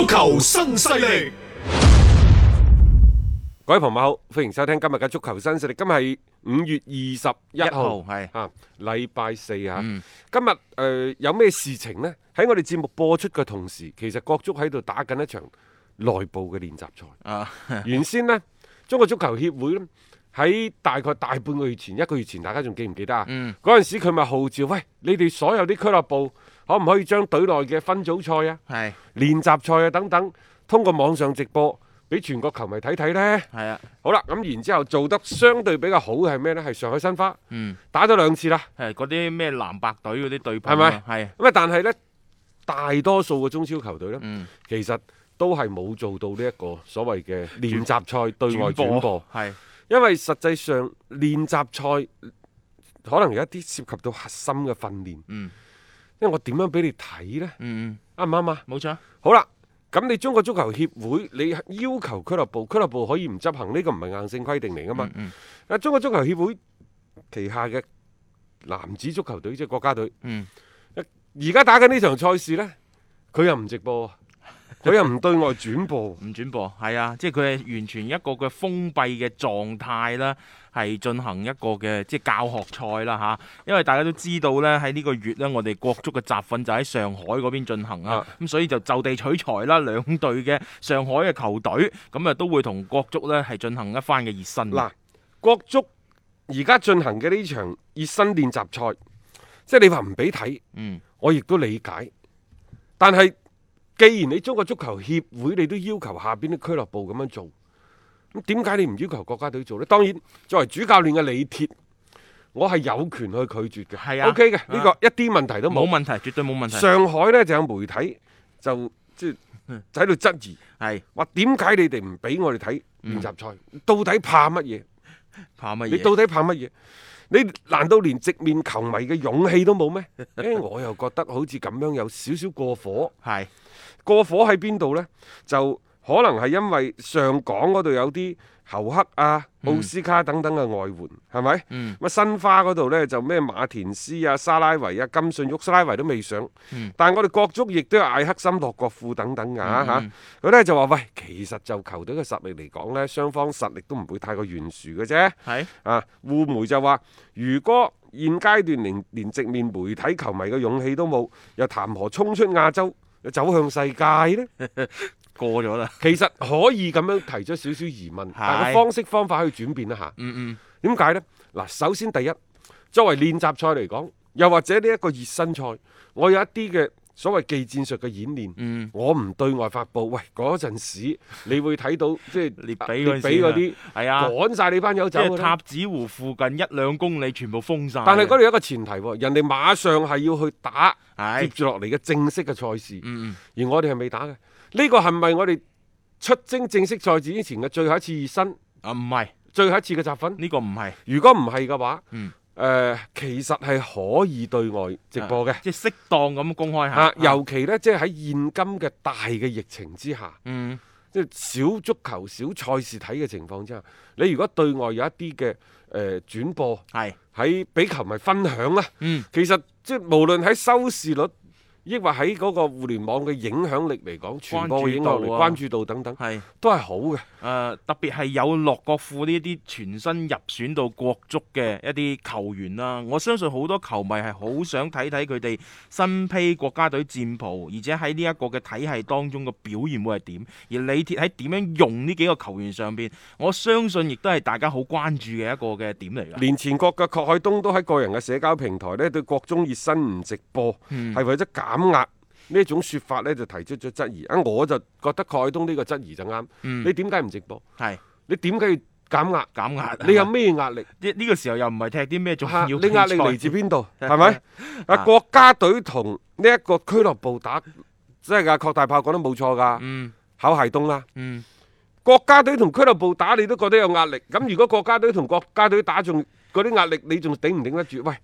足球新勢力，各位朋友好，歡迎收聽今日嘅足球新勢力。今日係五月二十一號，係啊，禮拜四啊。嗯、今日誒、呃、有咩事情呢？喺我哋節目播出嘅同時，其實國足喺度打緊一場內部嘅練習賽。啊， 原先呢，中國足球協會咧。喺大概大半個月前，一個月前，大家仲記唔記得啊？嗰陣時佢咪號召，喂，你哋所有啲俱樂部可唔可以將隊內嘅分組賽啊、練習賽啊等等，通過網上直播俾全國球迷睇睇呢？係啊，好啦，咁然之後做得相對比較好嘅係咩呢？係上海申花，打咗兩次啦，係嗰啲咩藍白隊嗰啲對。係咪？係咁啊！但係呢，大多數嘅中超球隊呢，其實都係冇做到呢一個所謂嘅練習賽對外轉播。係。因為實際上練習賽可能有一啲涉及到核心嘅訓練，嗯、因為我點樣俾你睇呢？啱唔啱啊？冇錯。錯好啦，咁你中國足球協會，你要求俱樂部，俱樂部可以唔執行呢、呢個唔係硬性規定嚟噶嘛？啊、嗯，嗯、中國足球協會旗下嘅男子足球隊即係國家隊，而家、嗯、打緊呢場賽事呢，佢又唔直播，啊。佢又唔對外轉播，唔轉 播，係啊，即係佢係完全一個嘅封閉嘅狀態啦，係進行一個嘅即係教學賽啦吓。因為大家都知道呢，喺呢個月呢，我哋國足嘅集訓就喺上海嗰邊進行啊，咁、嗯、所以就就地取材啦，兩隊嘅上海嘅球隊咁啊都會同國足呢係進行一番嘅熱身。嗱、啊，國足而家進行嘅呢場熱身練習賽，即係你話唔俾睇，嗯，我亦都理解，但係。既然你中國足球協會你都要求下邊啲俱樂部咁樣做，咁點解你唔要求國家隊做呢？當然，作為主教練嘅李鐵，我係有權去拒絕嘅。係啊，O K 嘅，呢個一啲問題都冇。冇問題，絕對冇問題。上海呢就有媒體就即係喺度質疑，係話點解你哋唔俾我哋睇練習賽？到底怕乜嘢？怕乜嘢？你到底怕乜嘢？你難道連直面球迷嘅勇氣都冇咩？誒， 我又覺得好似咁樣有少少過火。係。 過火喺邊度呢？就可能係因為上港嗰度有啲侯克啊、嗯、奧斯卡等等嘅外援，係咪？嗯。乜申花嗰度呢，就咩馬田斯啊、沙拉維啊、金信煜、沙拉維都未上。嗯、但係我哋國足亦都有艾克森、洛國富等等噶吓。佢呢就話喂，其實就球隊嘅實力嚟講呢，雙方實力都唔會太過懸殊嘅啫。係是。啊，滬媒就話，如果現階段連連直面媒體球迷嘅勇氣都冇，又談何衝出亞洲？走向世界呢， 過咗啦。其實可以咁樣提出少少疑問，但個 方式方法可以轉變一下。嗯嗯。點解呢？嗱，首先第一，作為練習賽嚟講，又或者呢一個熱身賽，我有一啲嘅所謂技戰術嘅演練，嗯、我唔對外發布。喂，嗰陣時你會睇到，即係你俾嗰啲係啊，趕晒你班友走。塔子湖附近一兩公里全部封晒。但係嗰度有一個前提，人哋馬上係要去打。接住落嚟嘅正式嘅賽事，嗯嗯，而我哋係未打嘅，呢個係咪我哋出征正式賽事之前嘅最後一次熱身？啊，唔係，最後一次嘅集訓呢個唔係。如果唔係嘅話，嗯，誒，其實係可以對外直播嘅，即係適當咁公開下。尤其呢，即係喺現今嘅大嘅疫情之下，嗯，即係小足球小賽事睇嘅情況之下，你如果對外有一啲嘅誒轉播，係喺俾球迷分享咧，嗯，其實。即係無論喺收視率。抑或喺嗰個互聯網嘅影響力嚟講，傳播嘅影響力、關注、啊、關注度等等，係是都係好嘅。誒、呃，特別係有洛國富呢啲全新入選到國足嘅一啲球員啦、啊，我相信好多球迷係好想睇睇佢哋身披國家隊戰袍，而且喺呢一個嘅體系當中嘅表現會係點，而李鐵喺點樣用呢幾個球員上邊，我相信亦都係大家好關注嘅一個嘅點嚟嘅。連前國嘅郝海東都喺個人嘅社交平台咧，對國中熱身唔直播，係為咗減。減壓呢一種說法呢就提出咗質疑。啊，我就覺得蓋東呢個質疑就啱。嗯、你點解唔直播？係是你點解要減壓？減壓壓？你有咩壓力？呢呢、啊這個時候又唔係踢啲咩重要比賽？你壓力嚟自邊度？係咪啊？國家隊同呢一個俱樂部打，即係噶。郭大炮講得冇錯噶。嗯，考系東啦、啊。嗯，國家隊同俱樂部打，你都覺得有壓力。咁如果國家隊同國家隊打，仲嗰啲壓力，你仲頂唔頂得住？喂？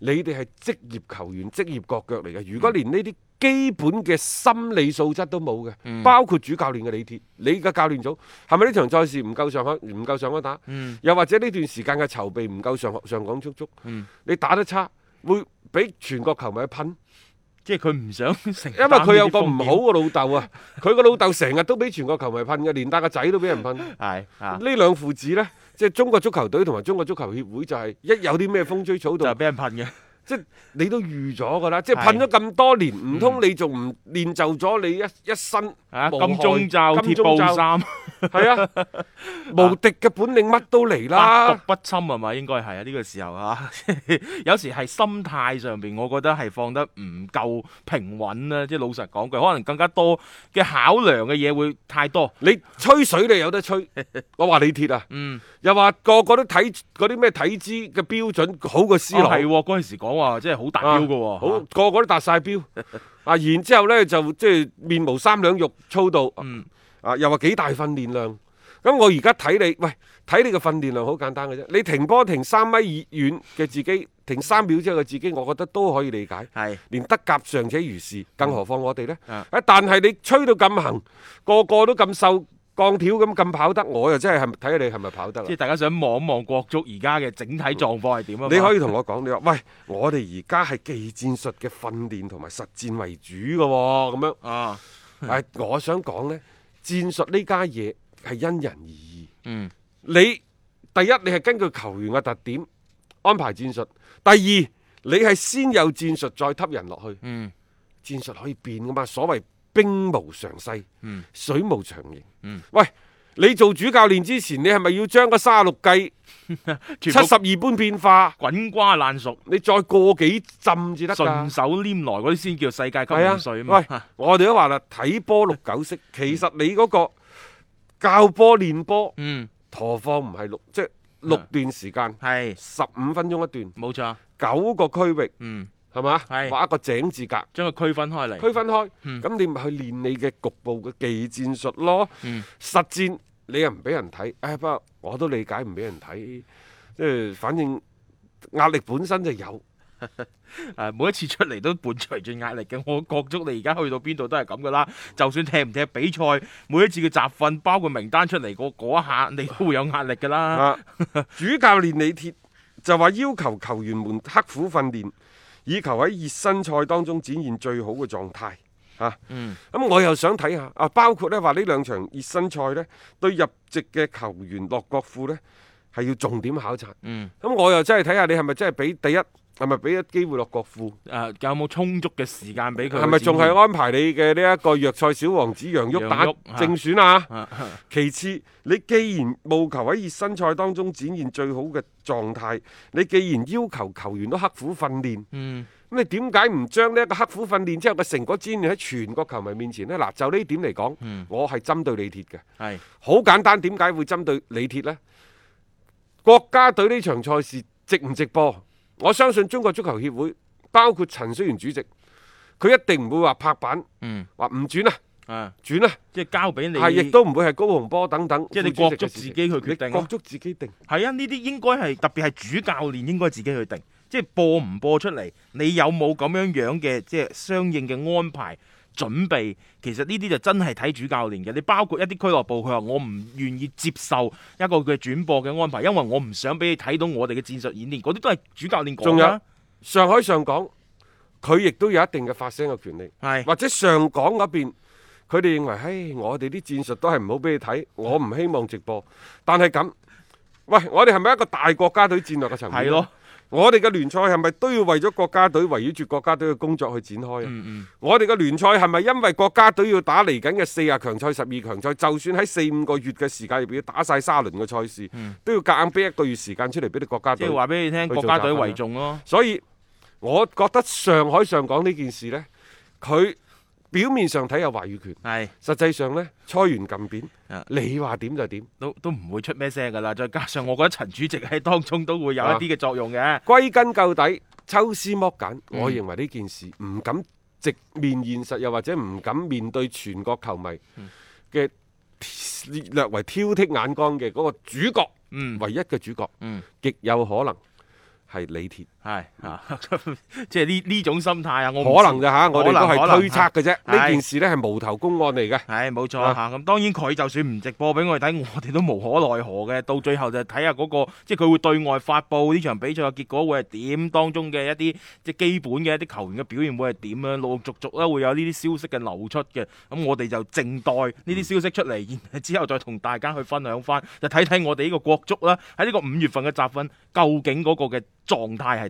你哋係職業球員、職業國腳嚟嘅。如果連呢啲基本嘅心理素質都冇嘅，包括主教練嘅李鐵，你嘅教練組係咪呢場賽事唔夠上學唔夠上翻打？又或者呢段時間嘅籌備唔夠上上港足足？你打得差，會俾全國球迷噴。即係佢唔想，因為佢有個唔好嘅老豆啊。佢個老豆成日都俾全國球迷噴嘅，連帶個仔都俾人噴。呢兩父子呢。即係中國足球隊同埋中國足球協會就係一有啲咩風吹草動就俾人噴嘅，即係你都預咗㗎啦，即係噴咗咁多年，唔通的你仲唔練就咗你一一身、啊、金鐘罩鐵布衫？係啊，無敵嘅本領乜都嚟啦，百毒不侵係嘛，應該係啊，呢個時候啊， 有時係心態上邊，我覺得係放得唔夠平穩啊。即、就、係、是、老實講句，可能更加多嘅考量嘅嘢會太多。你吹水你有得吹， 我話李鐵啊，嗯，又話個個都睇嗰啲咩體脂嘅標準好過斯諾，係嗰陣時講話即係好達標噶、啊，好個個都達晒標啊， 然之後咧就即係面無三兩肉粗到。嗯。啊！又話幾大訓練量？咁我而家睇你，喂，睇你個訓練量好簡單嘅啫。你停波停三米遠嘅自己，停三秒之後嘅自己，我覺得都可以理解。係是，連德甲尚且如是，更何況我哋呢？啊是，但係你吹到咁行，個個都咁瘦鋼條咁咁跑得，我又真係係睇下你係咪跑得。即係大家想望一望國足而家嘅整體狀況係點啊？你可以同我講，你話喂，我哋而家係技戰術嘅訓練同埋實戰為主嘅喎，咁樣。啊、嗯，我想講呢。戰術呢家嘢係因人而異。嗯，你第一你係根據球員嘅特點安排戰術，第二你係先有戰術再吸人落去。嗯，戰術可以變㗎嘛？所謂兵無常勢，嗯，水無常形。嗯，喂。你做主教練之前，你係咪要將個卅六計、七十二般變化滾瓜爛熟？你再過幾浸至得，順手拈來嗰啲先叫世界級水啊！喂，我哋都話啦，睇波六九式，其實你嗰個教波練波，嗯，陀方唔係六，即係六段時間，係十五分鐘一段，冇錯，九個區域，嗯，係嘛，畫一個井字格，將佢區分開嚟，區分開，咁你咪去練你嘅局部嘅技戰術咯，嗯，實戰。你又唔俾人睇，唉，不過我都理解唔俾人睇，即係反正壓力本身就有， 每一次出嚟都伴隨住壓力嘅。我國足你而家去到邊度都係咁噶啦，就算踢唔踢比賽，每一次嘅集訓，包括名單出嚟嗰一下，你都會有壓力噶啦。 主教練李鐵就話要求球員們刻苦訓練，以求喺熱身賽當中展現最好嘅狀態。啊，咁、嗯嗯嗯、我又想睇下啊，包括兩呢話呢兩場熱身賽呢對入籍嘅球員落國庫呢係要重點考察。咁、嗯嗯嗯、我又真係睇下你係咪真係俾第一，係咪俾一機會落國庫？誒、啊，有冇充足嘅時間俾佢？係咪仲係安排你嘅呢一個弱賽小王子楊旭打正選啊？其次，你既然務求喺熱身賽當中展現最好嘅狀態，你既然要求球員都刻苦訓練。嗯嗯咁你點解唔將呢一個刻苦訓練之後嘅成果展現喺全國球迷面前呢？嗱，就呢點嚟講，嗯、我係針對李鐵嘅，好是簡單。點解會針對李鐵呢？國家隊呢場賽事直唔直播？我相信中國足球協會，包括陳戌源主席，佢一定唔會話拍板，話唔轉啦，轉啦，即係交俾你。係亦都唔會係高洪波等等，即係你國足自己去決定，國足自己定。係啊，呢啲、啊、應該係特別係主教練應該自己去定。即係播唔播出嚟，你有冇咁樣樣嘅即係相應嘅安排準備？其實呢啲就真係睇主教練嘅。你包括一啲俱樂部，佢話我唔願意接受一個嘅轉播嘅安排，因為我唔想俾你睇到我哋嘅戰術演練。嗰啲都係主教練講。仲有上海上港，佢亦都有一定嘅發聲嘅權利。係是或者上港嗰邊，佢哋認為，唉，我哋啲戰術都係唔好俾你睇，我唔希望直播。但係咁，喂，我哋係咪一個大國家隊戰略嘅層面？係咯。我哋嘅聯賽係咪都要為咗國家隊圍繞住國家隊嘅工作去展開啊？嗯嗯、我哋嘅聯賽係咪因為國家隊要打嚟緊嘅四十強賽、十二強賽，就算喺四五個月嘅時間入邊打晒三輪嘅賽事，嗯、都要夾硬俾一個月時間出嚟俾啲國家隊。即係話俾你聽，國家隊為重咯。所以我覺得上海上港呢件事呢，佢。表面上睇有話語權，係是實際上咧，搓圓撳扁，你話點就點，都都唔會出咩聲噶啦。再加上我覺得陳主席喺當中都會有一啲嘅作用嘅。歸、啊、根究底，抽絲剝繭，我認為呢件事唔敢直面現實，又或者唔敢面對全國球迷嘅略為挑剔眼光嘅嗰個主角，唯一嘅主角，極、嗯嗯、有可能係李鐵。係啊，即係呢呢種心態啊，我可能就吓，我哋都係推測嘅啫。呢件事咧係無頭公案嚟嘅。係冇錯吓，咁當然佢就算唔直播俾我哋睇，我哋都無可奈何嘅。到最後就睇下嗰個，即係佢會對外發布呢場比賽嘅結果會係點，當中嘅一啲即係基本嘅一啲球員嘅表現會係點啊，陸陸續續啦會有呢啲消息嘅流出嘅。咁我哋就靜待呢啲消息出嚟，然之後再同大家去分享返，就睇睇我哋呢個國足啦，喺呢個五月份嘅集訓究竟嗰個嘅狀態係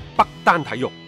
北單體育。